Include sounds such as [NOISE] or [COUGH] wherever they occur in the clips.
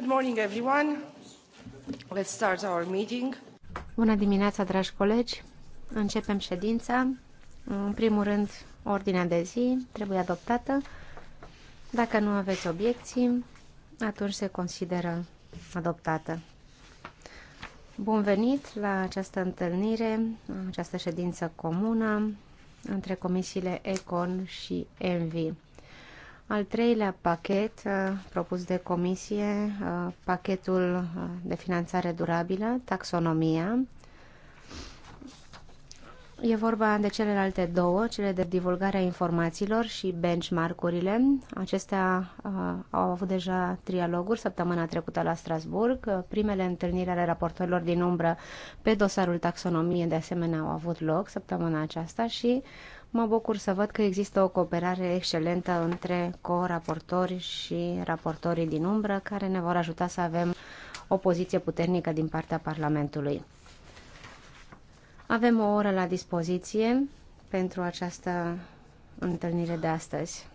Good morning, everyone. Let's start our meeting. Bună dimineața, dragi colegi. Începem ședința. În primul rând, ordinea de zi trebuie adoptată. Dacă nu aveți obiecții, atunci se consideră adoptată. Bun venit la această întâlnire, această ședință comună între comisiile ECON și ENVI. Al treilea pachet uh, propus de comisie, uh, pachetul uh, de finanțare durabilă, taxonomia. E vorba de celelalte două, cele de divulgarea informațiilor și benchmark-urile. Acestea au avut deja trialoguri săptămâna trecută la Strasburg. Primele întâlniri ale raportorilor din umbră pe dosarul taxonomie de asemenea au avut loc săptămâna aceasta și Mă bucur să văd că există o cooperare excelentă între co-raportori și raportorii din umbră care ne vor ajuta să avem o poziție puternică din partea Parlamentului. Avem o oră la dispoziție pentru această întâlnire de astăzi.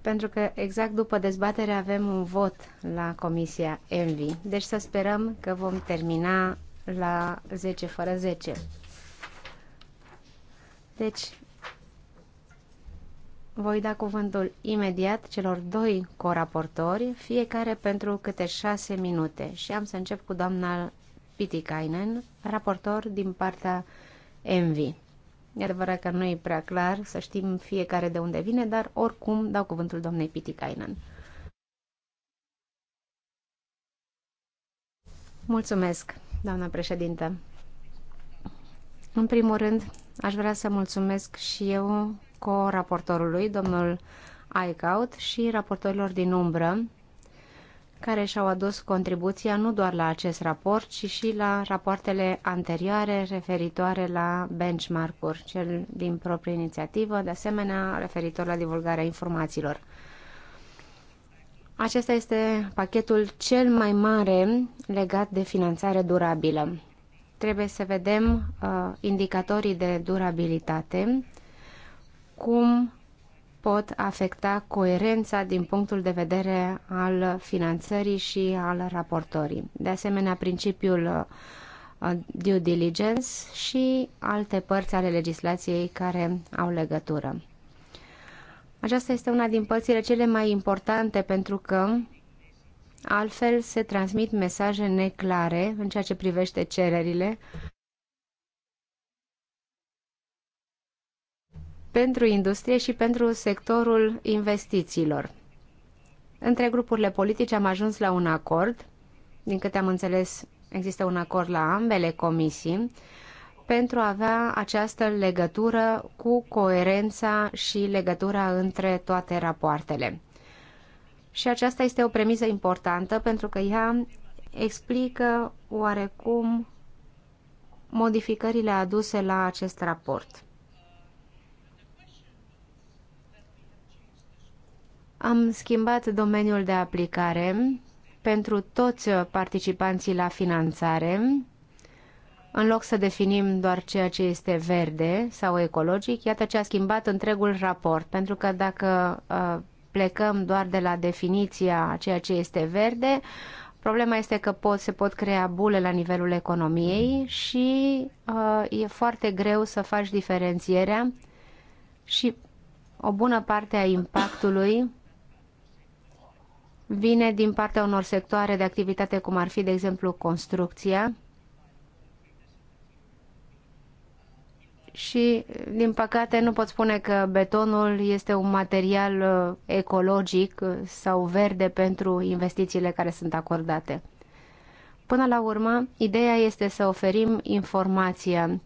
Pentru că exact după dezbatere avem un vot la Comisia Envi. Deci să sperăm că vom termina la 10 fără 10. Deci, voi da cuvântul imediat celor doi coraportori, fiecare pentru câte șase minute. Și am să încep cu doamna Pitikainen, raportor din partea MV. E adevărat că nu e prea clar să știm fiecare de unde vine, dar oricum dau cuvântul doamnei Pitikainen. Mulțumesc! doamnă președinte. În primul rând, aș vrea să mulțumesc și eu cu raportorului, domnul Aicaut, și raportorilor din umbră, care și-au adus contribuția nu doar la acest raport, ci și la rapoartele anterioare referitoare la benchmark-uri, cel din proprie inițiativă, de asemenea referitor la divulgarea informațiilor. Acesta este pachetul cel mai mare legat de finanțare durabilă. Trebuie să vedem uh, indicatorii de durabilitate, cum pot afecta coerența din punctul de vedere al finanțării și al raportorii. De asemenea, principiul uh, due diligence și alte părți ale legislației care au legătură. Aceasta este una din părțile cele mai importante pentru că altfel se transmit mesaje neclare în ceea ce privește cererile pentru industrie și pentru sectorul investițiilor. Între grupurile politice am ajuns la un acord, din câte am înțeles există un acord la ambele comisii, pentru a avea această legătură cu coerența și legătura între toate rapoartele. Și aceasta este o premisă importantă pentru că ea explică oarecum modificările aduse la acest raport. Am schimbat domeniul de aplicare pentru toți participanții la finanțare în loc să definim doar ceea ce este verde sau ecologic, iată ce a schimbat întregul raport, pentru că dacă uh, plecăm doar de la definiția a ceea ce este verde, Problema este că pot, se pot crea bule la nivelul economiei și uh, e foarte greu să faci diferențierea și o bună parte a impactului vine din partea unor sectoare de activitate, cum ar fi, de exemplu, construcția, și, din păcate, nu pot spune că betonul este un material uh, ecologic uh, sau verde pentru investițiile care sunt acordate. Până la urmă, ideea este să oferim informația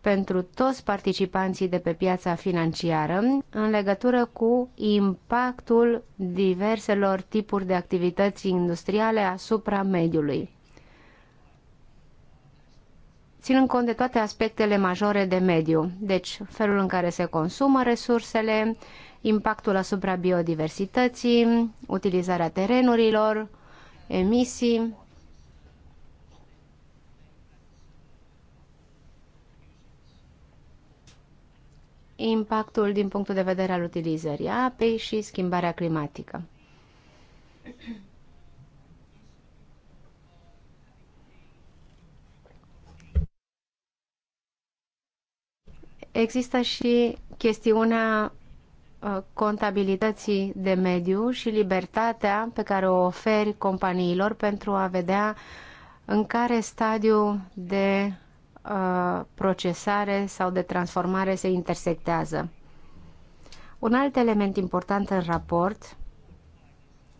pentru toți participanții de pe piața financiară în legătură cu impactul diverselor tipuri de activități industriale asupra mediului ținând cont de toate aspectele majore de mediu, deci felul în care se consumă resursele, impactul asupra biodiversității, utilizarea terenurilor, emisii. impactul din punctul de vedere al utilizării apei și schimbarea climatică. Există și chestiunea uh, contabilității de mediu și libertatea pe care o oferi companiilor pentru a vedea în care stadiu de uh, procesare sau de transformare se intersectează. Un alt element important în raport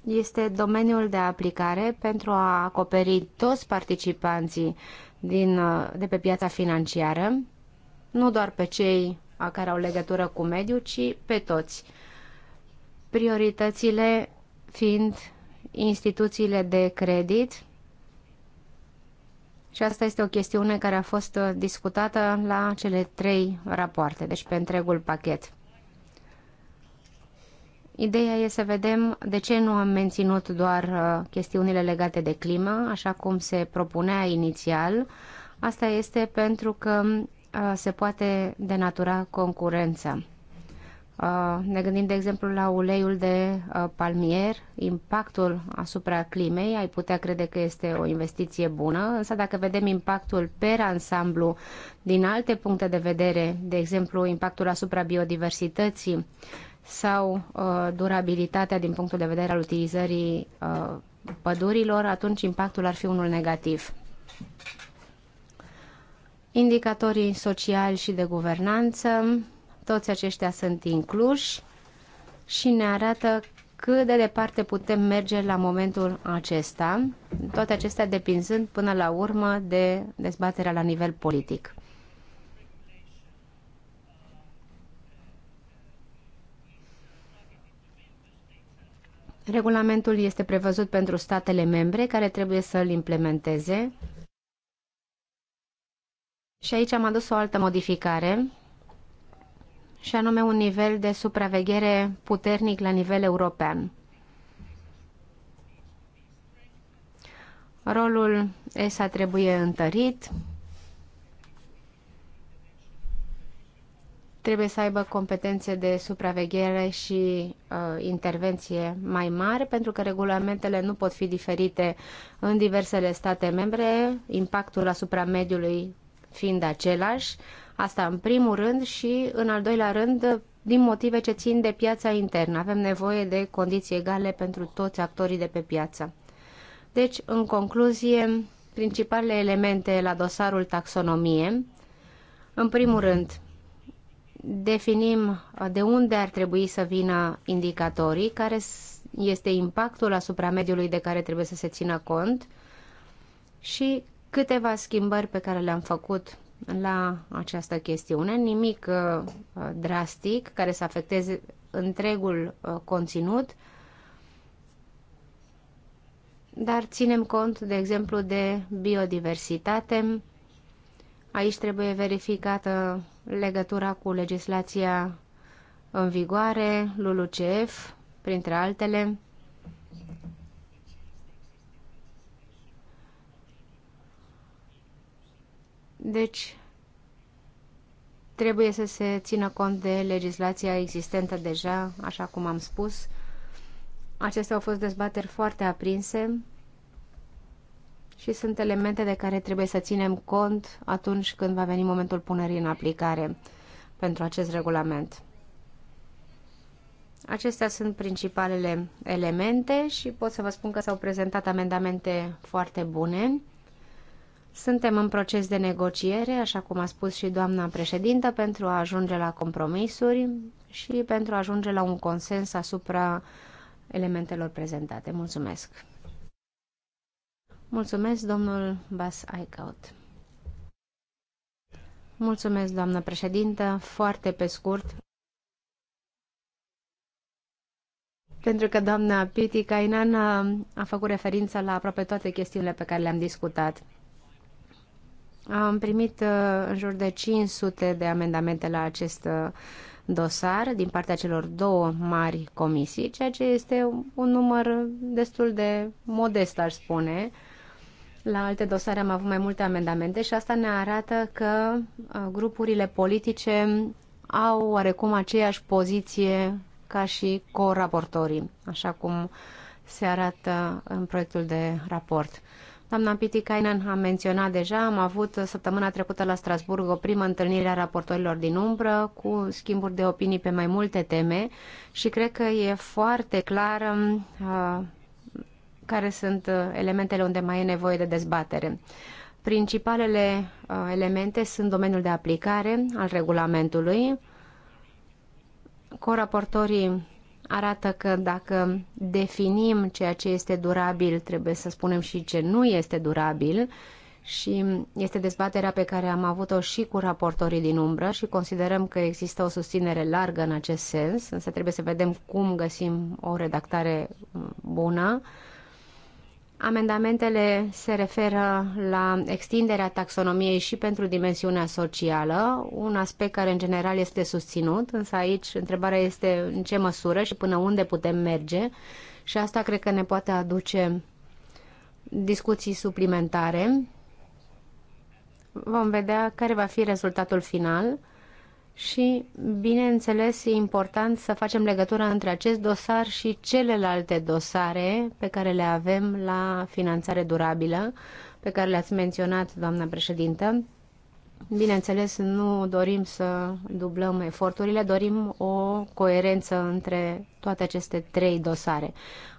este domeniul de aplicare pentru a acoperi toți participanții din, uh, de pe piața financiară, nu doar pe cei care au legătură cu mediul, ci pe toți. Prioritățile fiind instituțiile de credit și asta este o chestiune care a fost discutată la cele trei rapoarte, deci pe întregul pachet. Ideea e să vedem de ce nu am menținut doar uh, chestiunile legate de climă, așa cum se propunea inițial. Asta este pentru că se poate denatura concurența. Ne gândim, de exemplu, la uleiul de palmier, impactul asupra climei, ai putea crede că este o investiție bună, însă dacă vedem impactul per ansamblu din alte puncte de vedere, de exemplu, impactul asupra biodiversității sau durabilitatea din punctul de vedere al utilizării pădurilor, atunci impactul ar fi unul negativ indicatorii sociali și de guvernanță, toți aceștia sunt incluși și ne arată cât de departe putem merge la momentul acesta, toate acestea depinzând până la urmă de dezbaterea la nivel politic. Regulamentul este prevăzut pentru statele membre care trebuie să îl implementeze și aici am adus o altă modificare, și anume un nivel de supraveghere puternic la nivel european. Rolul ESA trebuie întărit, trebuie să aibă competențe de supraveghere și uh, intervenție mai mari, pentru că regulamentele nu pot fi diferite în diversele state membre, impactul asupra mediului fiind același, asta în primul rând și în al doilea rând din motive ce țin de piața internă. Avem nevoie de condiții egale pentru toți actorii de pe piață. Deci, în concluzie, principalele elemente la dosarul taxonomie. În primul rând, definim de unde ar trebui să vină indicatorii, care este impactul asupra mediului de care trebuie să se țină cont și câteva schimbări pe care le-am făcut la această chestiune, nimic uh, drastic care să afecteze întregul uh, conținut, dar ținem cont, de exemplu, de biodiversitate. Aici trebuie verificată legătura cu legislația în vigoare, LULUCF, printre altele. Deci, trebuie să se țină cont de legislația existentă deja, așa cum am spus. Acestea au fost dezbateri foarte aprinse și sunt elemente de care trebuie să ținem cont atunci când va veni momentul punerii în aplicare pentru acest regulament. Acestea sunt principalele elemente și pot să vă spun că s-au prezentat amendamente foarte bune suntem în proces de negociere, așa cum a spus și doamna președintă, pentru a ajunge la compromisuri și pentru a ajunge la un consens asupra elementelor prezentate. Mulțumesc! Mulțumesc, domnul Bas Aicaut. Mulțumesc, doamnă președintă. Foarte pe scurt. Pentru că doamna Piti Cainan uh, a făcut referință la aproape toate chestiunile pe care le-am discutat. Am primit uh, în jur de 500 de amendamente la acest uh, dosar din partea celor două mari comisii, ceea ce este un număr destul de modest, aș spune. La alte dosare am avut mai multe amendamente și asta ne arată că uh, grupurile politice au oarecum aceeași poziție ca și coraportorii, așa cum se arată în proiectul de raport. Doamna Pitikainen a menționat deja, am avut săptămâna trecută la Strasburg o primă întâlnire a raportorilor din umbră cu schimburi de opinii pe mai multe teme și cred că e foarte clar uh, care sunt uh, elementele unde mai e nevoie de dezbatere. Principalele uh, elemente sunt domeniul de aplicare al regulamentului, coraportorii arată că dacă definim ceea ce este durabil, trebuie să spunem și ce nu este durabil și este dezbaterea pe care am avut-o și cu raportorii din umbră și considerăm că există o susținere largă în acest sens, însă trebuie să vedem cum găsim o redactare bună Amendamentele se referă la extinderea taxonomiei și pentru dimensiunea socială, un aspect care în general este susținut, însă aici întrebarea este în ce măsură și până unde putem merge și asta cred că ne poate aduce discuții suplimentare. Vom vedea care va fi rezultatul final și, bineînțeles, e important să facem legătura între acest dosar și celelalte dosare pe care le avem la finanțare durabilă, pe care le-ați menționat, doamna președintă. Bineînțeles, nu dorim să dublăm eforturile, dorim o coerență între toate aceste trei dosare.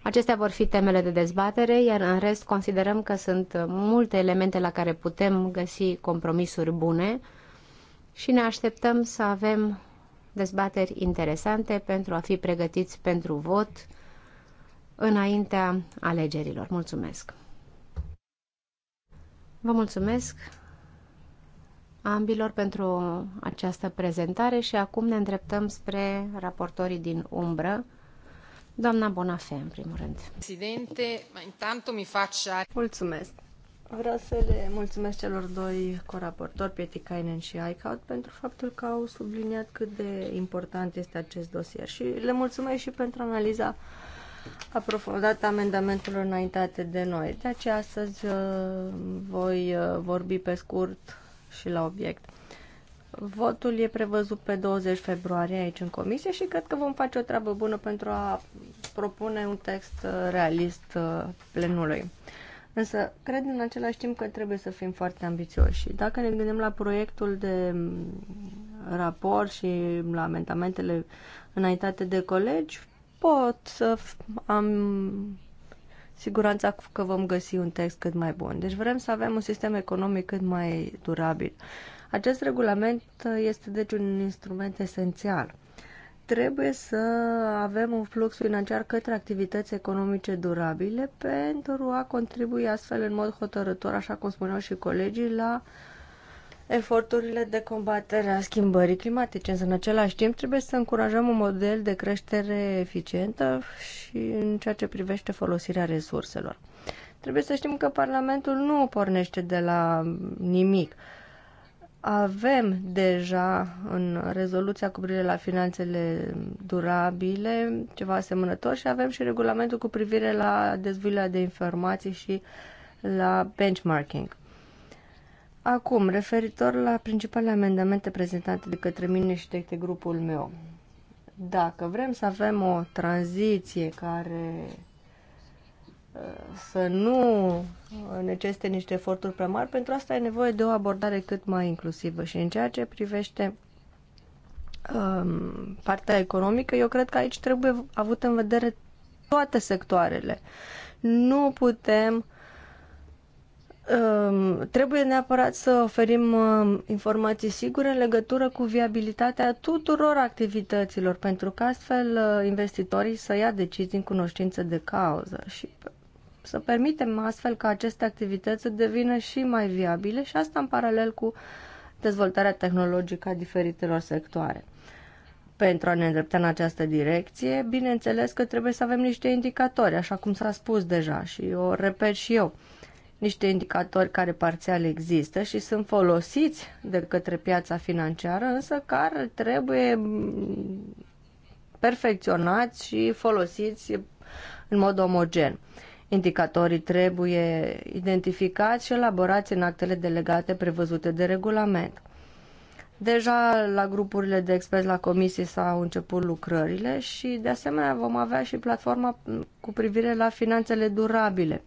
Acestea vor fi temele de dezbatere, iar în rest considerăm că sunt multe elemente la care putem găsi compromisuri bune, și ne așteptăm să avem dezbateri interesante pentru a fi pregătiți pentru vot înaintea alegerilor. Mulțumesc! Vă mulțumesc ambilor pentru această prezentare și acum ne îndreptăm spre raportorii din umbră. Doamna Bonafé, în primul rând. Presidente, ma intanto mi faccia... Mulțumesc! Vreau să le mulțumesc celor doi coraportori, Pietikainen și Aicaut, pentru faptul că au subliniat cât de important este acest dosier și le mulțumesc și pentru analiza aprofundată amendamentelor înaintate de noi. De aceea astăzi uh, voi uh, vorbi pe scurt și la obiect. Votul e prevăzut pe 20 februarie aici în comisie și cred că vom face o treabă bună pentru a propune un text uh, realist plenului. Însă, cred în același timp că trebuie să fim foarte ambițioși. Și dacă ne gândim la proiectul de mm, raport și la amendamentele înaintate de colegi, pot să am siguranța că vom găsi un text cât mai bun. Deci vrem să avem un sistem economic cât mai durabil. Acest regulament este deci un instrument esențial trebuie să avem un flux financiar către activități economice durabile pentru a contribui astfel în mod hotărător, așa cum spuneau și colegii, la eforturile de combatere a schimbării climatice. Însă, în același timp, trebuie să încurajăm un model de creștere eficientă și în ceea ce privește folosirea resurselor. Trebuie să știm că Parlamentul nu pornește de la nimic. Uh, avem deja în rezoluția cu privire la finanțele durabile ceva asemănător și avem și regulamentul cu privire la dezvăluirea de informații și la benchmarking. Acum, referitor la principalele amendamente prezentate de către mine și de grupul meu. Dacă vrem să avem o tranziție care să nu necesite niște eforturi prea mari, pentru asta e nevoie de o abordare cât mai inclusivă. Și în ceea ce privește um, partea economică, eu cred că aici trebuie avut în vedere toate sectoarele. Nu putem um, Trebuie neapărat să oferim um, informații sigure în legătură cu viabilitatea tuturor activităților, pentru că astfel uh, investitorii să ia decizii în cunoștință de cauză. Și să permitem astfel ca aceste activități să devină și mai viabile și asta în paralel cu dezvoltarea tehnologică a diferitelor sectoare. Pentru a ne îndrepta în această direcție, bineînțeles că trebuie să avem niște indicatori, așa cum s-a spus deja și o repet și eu niște indicatori care parțial există și sunt folosiți de către piața financiară, însă care trebuie perfecționați și folosiți în mod omogen. Indicatorii trebuie identificați și elaborați în actele delegate prevăzute de regulament. Deja la grupurile de experți la comisie s-au început lucrările și de asemenea vom avea și platforma cu privire la finanțele durabile.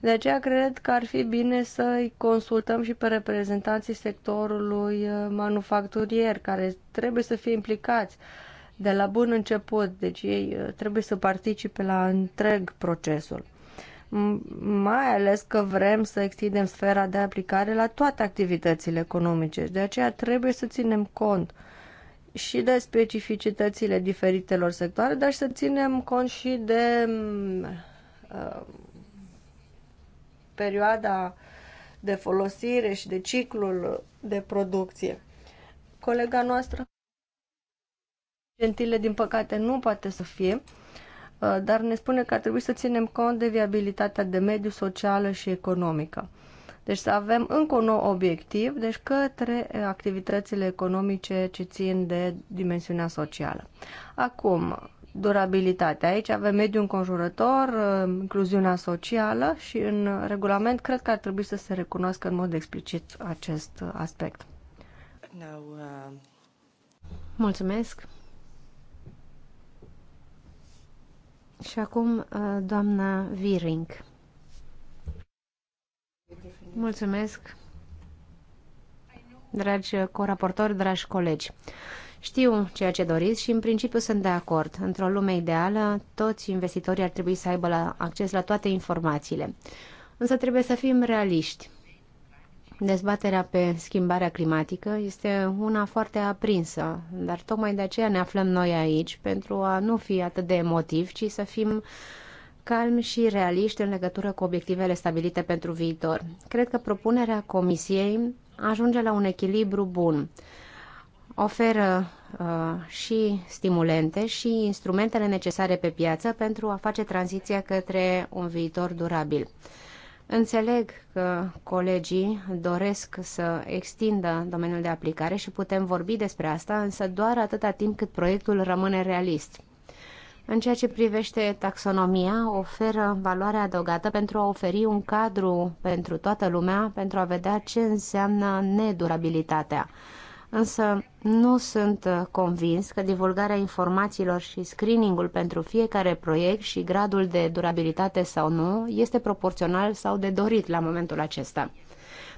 De aceea cred că ar fi bine să îi consultăm și pe reprezentanții sectorului uh, manufacturier care trebuie să fie implicați de la bun început, deci ei uh, trebuie să participe la întreg procesul mai ales că vrem să extindem sfera de aplicare la toate activitățile economice. De aceea trebuie să ținem cont și de specificitățile diferitelor sectoare, dar și să ținem cont și de uh, perioada de folosire și de ciclul de producție. Colega noastră, gentile, din păcate, nu poate să fie Uh, dar ne spune că ar trebui să ținem cont de viabilitatea de mediu socială și economică. Deci să avem încă un nou obiectiv, deci către uh, activitățile economice ce țin de dimensiunea socială. Acum, durabilitatea. Aici avem mediul înconjurător, uh, incluziunea socială și în regulament cred că ar trebui să se recunoască în mod explicit acest aspect. Mulțumesc. Și acum uh, doamna Viring. Mulțumesc, dragi coraportori, dragi colegi. Știu ceea ce doriți și în principiu sunt de acord. Într-o lume ideală, toți investitorii ar trebui să aibă la acces la toate informațiile. Însă trebuie să fim realiști dezbaterea pe schimbarea climatică este una foarte aprinsă, dar tocmai de aceea ne aflăm noi aici, pentru a nu fi atât de emotiv, ci să fim calmi și realiști în legătură cu obiectivele stabilite pentru viitor. Cred că propunerea Comisiei ajunge la un echilibru bun. Oferă uh, și stimulente și instrumentele necesare pe piață pentru a face tranziția către un viitor durabil. Înțeleg că colegii doresc să extindă domeniul de aplicare și putem vorbi despre asta, însă doar atâta timp cât proiectul rămâne realist. În ceea ce privește taxonomia, oferă valoare adăugată pentru a oferi un cadru pentru toată lumea, pentru a vedea ce înseamnă nedurabilitatea însă nu sunt uh, convins că divulgarea informațiilor și screeningul pentru fiecare proiect și gradul de durabilitate sau nu este proporțional sau de dorit la momentul acesta.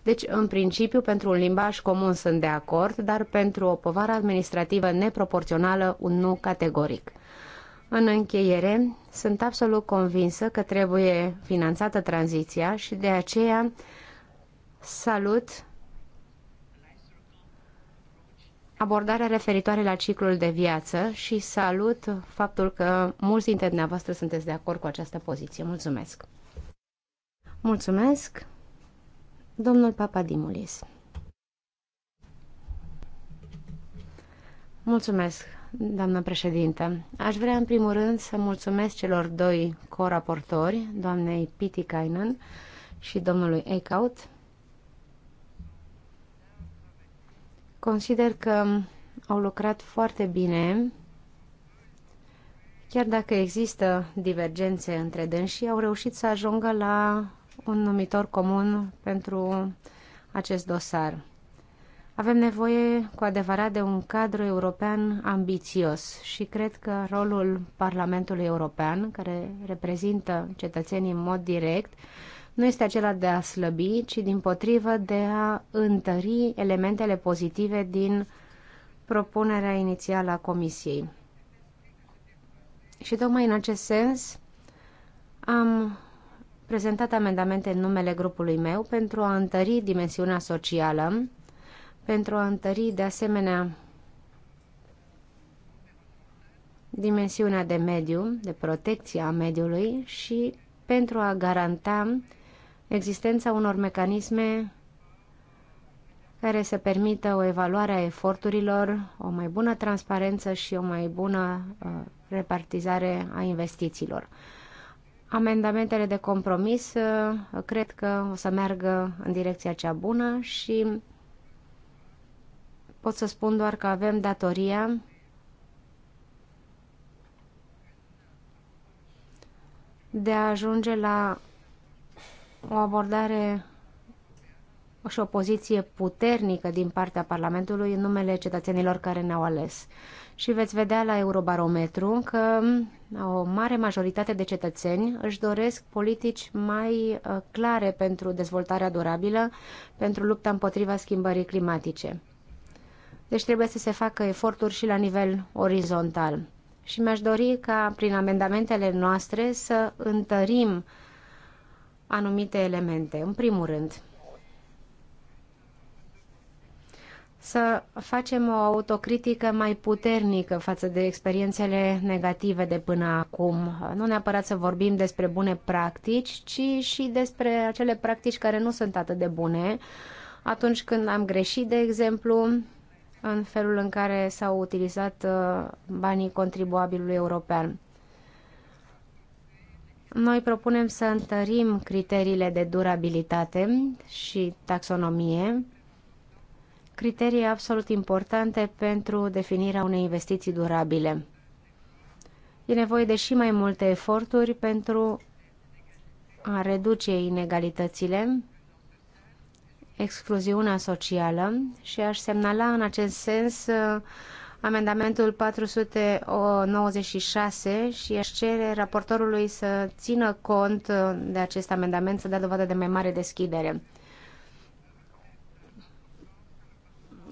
Deci, în principiu, pentru un limbaj comun sunt de acord, dar pentru o povară administrativă neproporțională, un nu categoric. În încheiere, sunt absolut convinsă că trebuie finanțată tranziția și de aceea salut abordarea referitoare la ciclul de viață și salut faptul că mulți dintre dumneavoastră sunteți de acord cu această poziție. Mulțumesc! Mulțumesc, domnul Papadimulis. Mulțumesc, doamnă președintă. Aș vrea în primul rând să mulțumesc celor doi coraportori, doamnei Piti Kainan și domnului Eichaut, Consider că au lucrat foarte bine, chiar dacă există divergențe între dânsii, au reușit să ajungă la un numitor comun pentru acest dosar. Avem nevoie cu adevărat de un cadru european ambițios și cred că rolul Parlamentului European, care reprezintă cetățenii în mod direct, nu este acela de a slăbi, ci din potrivă de a întări elementele pozitive din propunerea inițială a Comisiei. Și tocmai în acest sens am prezentat amendamente în numele grupului meu pentru a întări dimensiunea socială, pentru a întări de asemenea dimensiunea de mediu, de protecție a mediului și pentru a garanta existența unor mecanisme care să permită o evaluare a eforturilor, o mai bună transparență și o mai bună uh, repartizare a investițiilor. Amendamentele de compromis uh, cred că o să meargă în direcția cea bună și pot să spun doar că avem datoria de a ajunge la o abordare și o poziție puternică din partea Parlamentului în numele cetățenilor care ne-au ales. Și veți vedea la Eurobarometru că mm, o mare majoritate de cetățeni își doresc politici mai uh, clare pentru dezvoltarea durabilă, pentru lupta împotriva schimbării climatice. Deci trebuie să se facă eforturi și la nivel orizontal. Și mi-aș dori ca prin amendamentele noastre să întărim uh, anumite elemente. În primul rând, să facem o autocritică mai puternică față de experiențele negative de până acum. Nu neapărat să vorbim despre bune practici, ci și despre acele practici care nu sunt atât de bune. Atunci când am greșit, de exemplu, în felul în care s-au utilizat uh, banii contribuabilului european. Noi propunem să întărim criteriile de durabilitate și taxonomie, criterii absolut importante pentru definirea unei investiții durabile. E nevoie de și mai multe eforturi pentru a reduce inegalitățile, excluziunea socială și aș semnala în acest sens uh, amendamentul 496 și aș cere raportorului să țină cont de acest amendament, să dea dovadă de mai mare deschidere.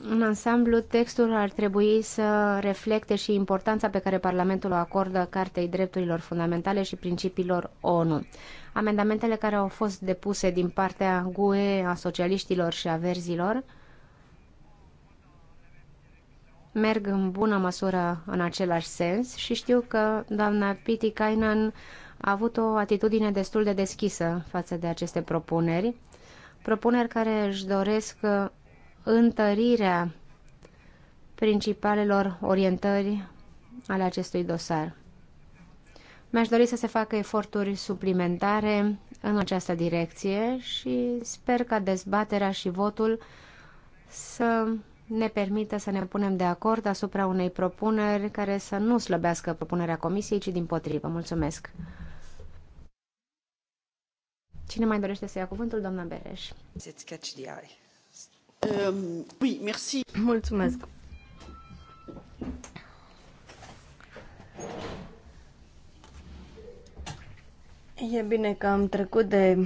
În ansamblu, textul ar trebui să reflecte și importanța pe care Parlamentul o acordă Cartei Drepturilor Fundamentale și principiilor ONU. Amendamentele care au fost depuse din partea GUE, a socialiștilor și a verzilor, merg în bună măsură în același sens și știu că doamna Piti Kainan a avut o atitudine destul de deschisă față de aceste propuneri, propuneri care își doresc întărirea principalelor orientări ale acestui dosar. Mi-aș dori să se facă eforturi suplimentare în această direcție și sper ca dezbaterea și votul să ne permită să ne punem de acord asupra unei propuneri care să nu slăbească propunerea comisiei, ci din potrivă. Mulțumesc! Cine mai dorește să ia cuvântul? Doamna Bereș. Um, Mulțumesc! E bine că am trecut de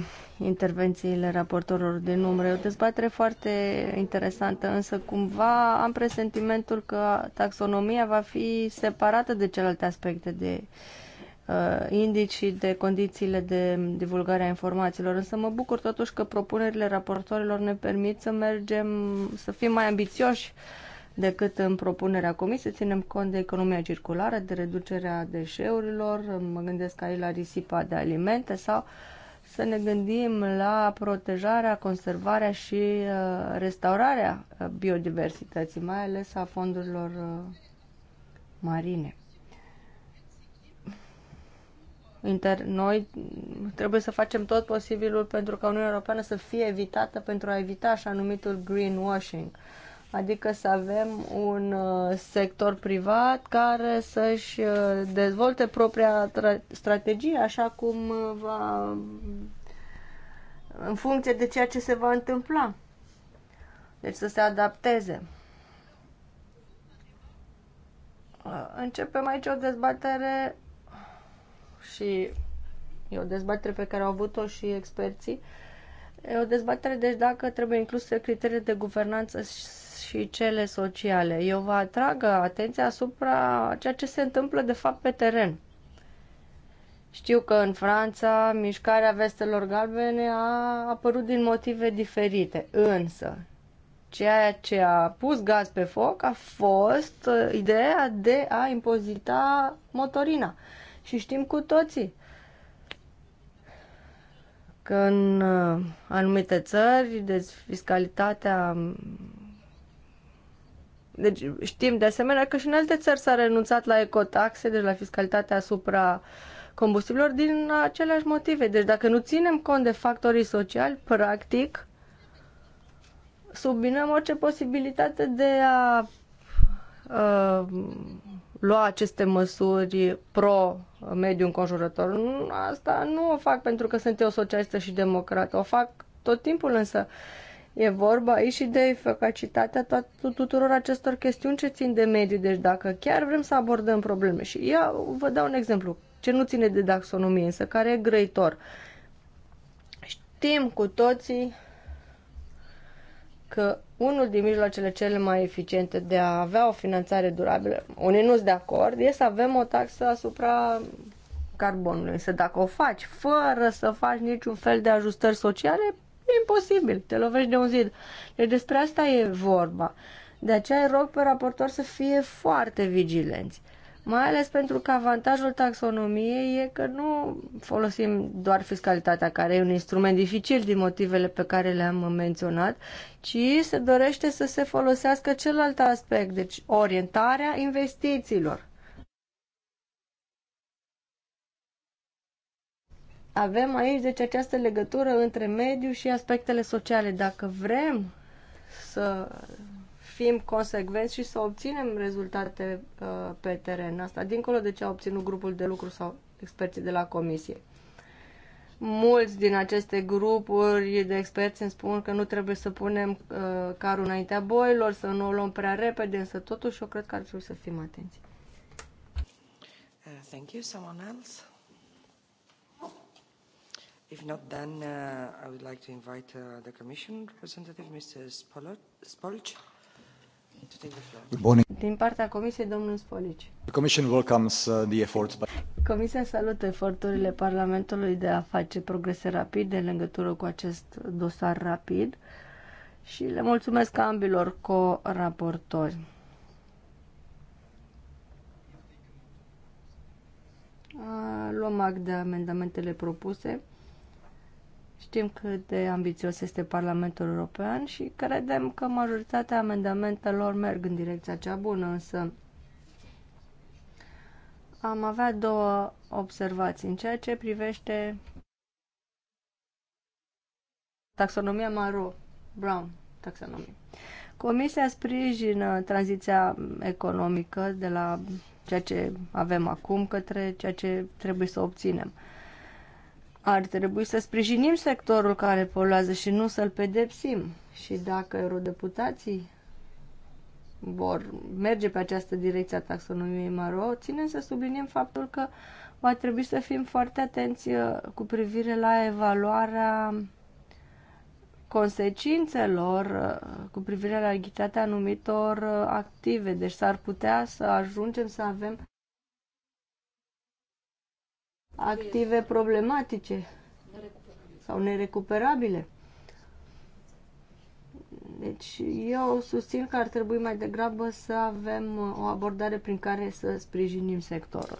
intervențiile raportorilor de număr. E o dezbatere foarte interesantă, însă cumva am presentimentul că taxonomia va fi separată de celelalte aspecte de uh, indici și de condițiile de divulgare a informațiilor. Însă mă bucur totuși că propunerile raportorilor ne permit să mergem, să fim mai ambițioși uh, decât în propunerea comisiei. Ținem cont de economia circulară, de reducerea deșeurilor, mă gândesc aici la risipa de alimente sau să ne gândim la protejarea, conservarea și uh, restaurarea uh, biodiversității, mai ales a fondurilor uh, marine. Inter- noi trebuie să facem tot posibilul pentru ca Uniunea Europeană să fie evitată pentru a evita așa numitul greenwashing. Uh, adică să avem un uh, sector privat care să-și uh, dezvolte propria strategie, așa cum uh, va în funcție de ceea ce se va întâmpla. Deci să se adapteze. Începem aici o dezbatere și e o dezbatere pe care au avut-o și experții. E o dezbatere, deci, dacă trebuie incluse criterii de guvernanță și cele sociale. Eu vă atrag atenția asupra ceea ce se întâmplă de fapt pe teren. Știu că în Franța mișcarea vestelor galbene a apărut din motive diferite, însă ceea ce a pus gaz pe foc a fost uh, ideea de a impozita motorina. Și știm cu toții că în uh, anumite țări deci fiscalitatea deci știm de asemenea că și în alte țări s-a renunțat la ecotaxe, deci la fiscalitatea asupra combustibilor din aceleași motive. Deci dacă nu ținem cont de factorii sociali, practic subminăm orice posibilitate de a uh, lua aceste măsuri pro mediu înconjurător. Asta nu o fac pentru că sunt eu socialistă și democrată, o fac tot timpul însă E vorba aici și de eficacitatea tuturor acestor chestiuni ce țin de mediu. Deci dacă chiar vrem să abordăm probleme și eu vă dau un exemplu, ce nu ține de daxonomie, însă care e grăitor. Știm cu toții că unul din mijloacele cele mai eficiente de a avea o finanțare durabilă, unii nu sunt de acord, e să avem o taxă asupra carbonului. Însă dacă o faci fără să faci niciun fel de ajustări sociale, imposibil, te lovești de un zid. Deci despre asta e vorba. De aceea îi rog pe raportor să fie foarte vigilenți. Mai ales pentru că avantajul taxonomiei e că nu folosim doar fiscalitatea, care e un instrument dificil din motivele pe care le-am menționat, ci se dorește să se folosească celălalt aspect, deci orientarea investițiilor Avem aici, deci, această legătură între mediu și aspectele sociale. Dacă vrem să fim consecvenți și să obținem rezultate uh, pe teren asta, dincolo de ce a obținut grupul de lucru sau experții de la comisie. Mulți din aceste grupuri de experți îmi spun că nu trebuie să punem uh, carul înaintea boilor, să nu o luăm prea repede, însă totuși eu cred că ar trebui să fim atenți. Uh, thank you. Someone else? If not, then uh, I would like to invite uh, the Commission representative, Mr. Spolich, to take the floor. Good morning. Din partea Comisiei, domnul Spolici. The Commission welcomes uh, the efforts. By... Comisia salută eforturile Parlamentului de a face progrese rapide în legătură cu acest dosar rapid și le mulțumesc ambilor co-raportori. Luăm act de amendamentele propuse Știm cât de ambițios este Parlamentul European și credem că majoritatea amendamentelor merg în direcția cea bună, însă am avea două observații în ceea ce privește taxonomia maro, brown taxonomie. Comisia sprijină tranziția economică de la ceea ce avem acum către ceea ce trebuie să obținem. Uh, ar trebui să sprijinim sectorul care poluează și nu să-l pedepsim. Și dacă eurodeputații vor merge pe această direcție a taxonomiei maro, ținem să subliniem faptul că va trebui să fim foarte atenți uh, cu privire la evaluarea consecințelor uh, cu privire la lichitatea anumitor uh, active. Deci s-ar putea să ajungem să avem active problematice sau nerecuperabile. Deci eu susțin că ar trebui mai degrabă să avem uh, o abordare prin care să sprijinim sectorul.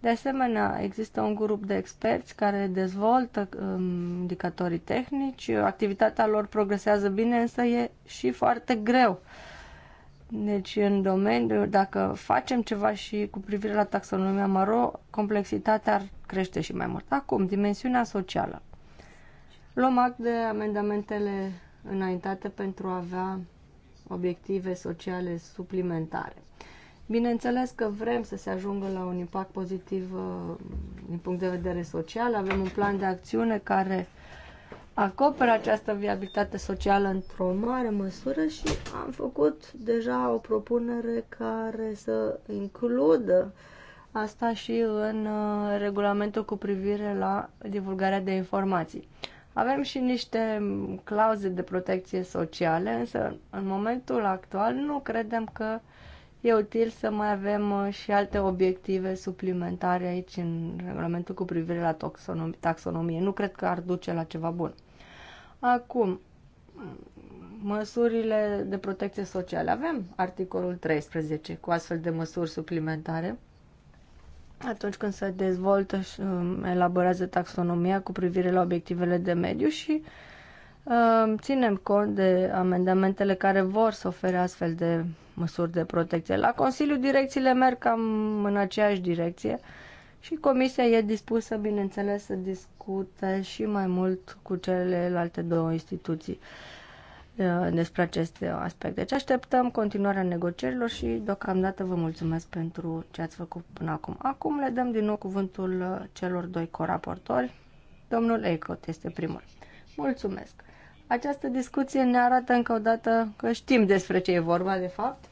De asemenea, există un grup de experți care dezvoltă um, indicatorii tehnici, activitatea lor progresează bine, însă e și foarte greu uh, deci, în domeniu, dacă facem ceva și cu privire la taxonomia maro, complexitatea ar crește și mai mult. Acum, dimensiunea socială. Luăm act de amendamentele înaintate pentru a avea obiective sociale suplimentare. Bineînțeles că vrem să se ajungă la un impact pozitiv uh, din punct de vedere social. Avem un plan de acțiune care acoperă această viabilitate socială într-o mare măsură și am făcut deja o propunere care să includă asta și în uh, regulamentul cu privire la divulgarea de informații. Avem și niște clauze de protecție sociale, însă în momentul actual nu credem că e util să mai avem uh, și alte obiective suplimentare aici în regulamentul cu privire la taxonomie. Nu cred că ar duce la ceva bun. Acum, măsurile de protecție socială. Avem articolul 13 cu astfel de măsuri suplimentare atunci când se dezvoltă și um, elaborează taxonomia cu privire la obiectivele de mediu și um, ținem cont de amendamentele care vor să ofere astfel de măsuri de protecție. La Consiliu direcțiile merg cam în aceeași direcție. Uh, și comisia e dispusă, bineînțeles, să discute și mai mult cu celelalte două instituții uh, despre aceste aspecte. Deci așteptăm continuarea negocierilor și deocamdată vă mulțumesc pentru ce ați făcut până acum. Acum le dăm din nou cuvântul uh, celor doi coraportori. Domnul Eicot este primul. Mulțumesc! Această discuție ne arată încă o dată că știm despre ce e vorba, de fapt.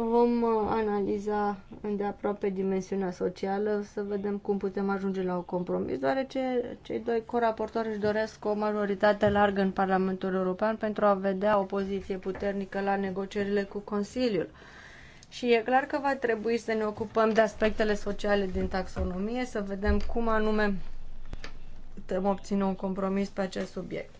Vom uh, analiza îndeaproape dimensiunea socială să vedem cum putem ajunge la un compromis, deoarece cei doi coraportori își doresc o majoritate largă în Parlamentul European pentru a vedea o poziție puternică la negocierile cu Consiliul. Și e clar că va trebui să ne ocupăm de aspectele sociale din taxonomie, să vedem cum anume putem obține un compromis pe acest subiect.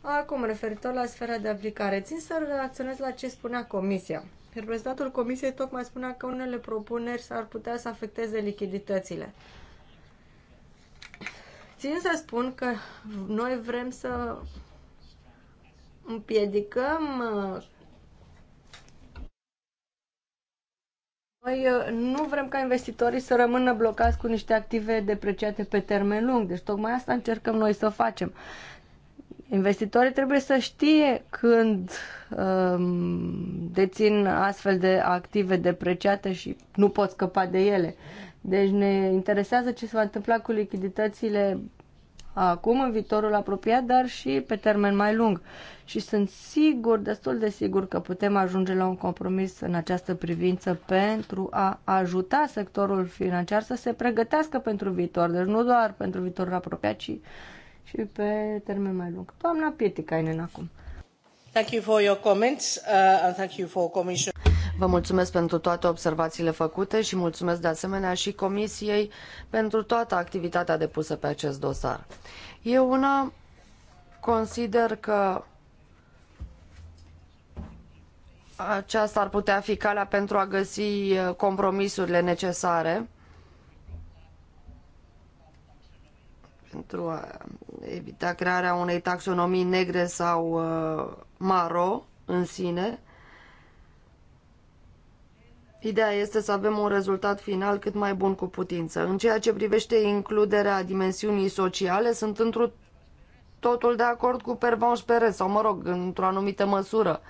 Acum, referitor la sfera de aplicare, țin să reacționez la ce spunea Comisia. Reprezentantul Comisiei tocmai spunea că unele propuneri s-ar putea să afecteze lichiditățile. Țin să spun că noi vrem să împiedicăm uh, Noi uh, nu vrem ca investitorii să rămână blocați cu niște active depreciate pe termen lung, deci tocmai asta încercăm noi să facem. Investitorii trebuie să știe când um, dețin astfel de active depreciate și nu pot scăpa de ele. Deci ne interesează ce se va întâmpla cu lichiditățile acum, în viitorul apropiat, dar și pe termen mai lung. Și sunt sigur, destul de sigur că putem ajunge la un compromis în această privință pentru a ajuta sectorul financiar să se pregătească pentru viitor. Deci nu doar pentru viitorul apropiat, ci și pe termen mai lung. Doamna Pietikainen acum. Thank you for your comments uh, and thank you for commission. Vă mulțumesc pentru toate observațiile făcute și mulțumesc de asemenea și Comisiei pentru toată activitatea depusă pe acest dosar. Eu una consider că aceasta ar putea fi calea pentru a găsi uh, compromisurile necesare pentru a evita crearea unei taxonomii negre sau uh, maro în sine. Ideea este să avem un rezultat final cât mai bun cu putință. În ceea ce privește includerea dimensiunii sociale, sunt întru totul de acord cu Pervanș Perez, sau mă rog, într-o anumită măsură.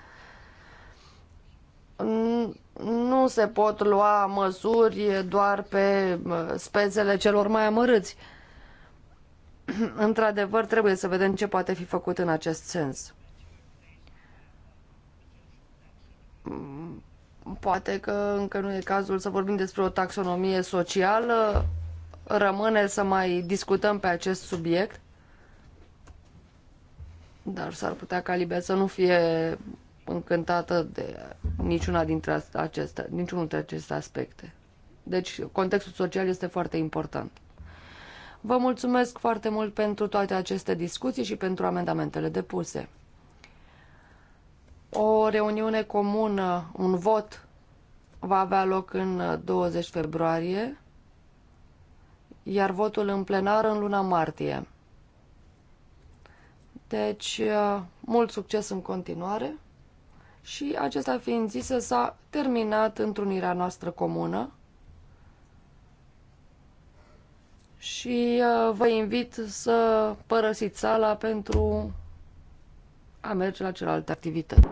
Nu se pot lua măsuri doar pe uh, spețele celor mai amărâți. Uh, [CLEARS THROAT] într-adevăr, trebuie să vedem ce poate fi făcut în acest sens. Poate că încă nu e cazul să vorbim despre o taxonomie socială, rămâne să mai discutăm pe acest subiect, dar s-ar putea ca Libia să nu fie încântată de niciuna dintre aceste, niciunul dintre aceste aspecte. Deci, contextul social este foarte important. Vă mulțumesc foarte mult pentru toate aceste discuții și pentru amendamentele depuse. O reuniune comună, un vot, va avea loc în 20 februarie, iar votul în plenar în luna martie. Deci, mult succes în continuare și acesta fiind zisă, s-a terminat întrunirea noastră comună. și uh, vă invit să părăsiți sala pentru a merge la celelalte activități.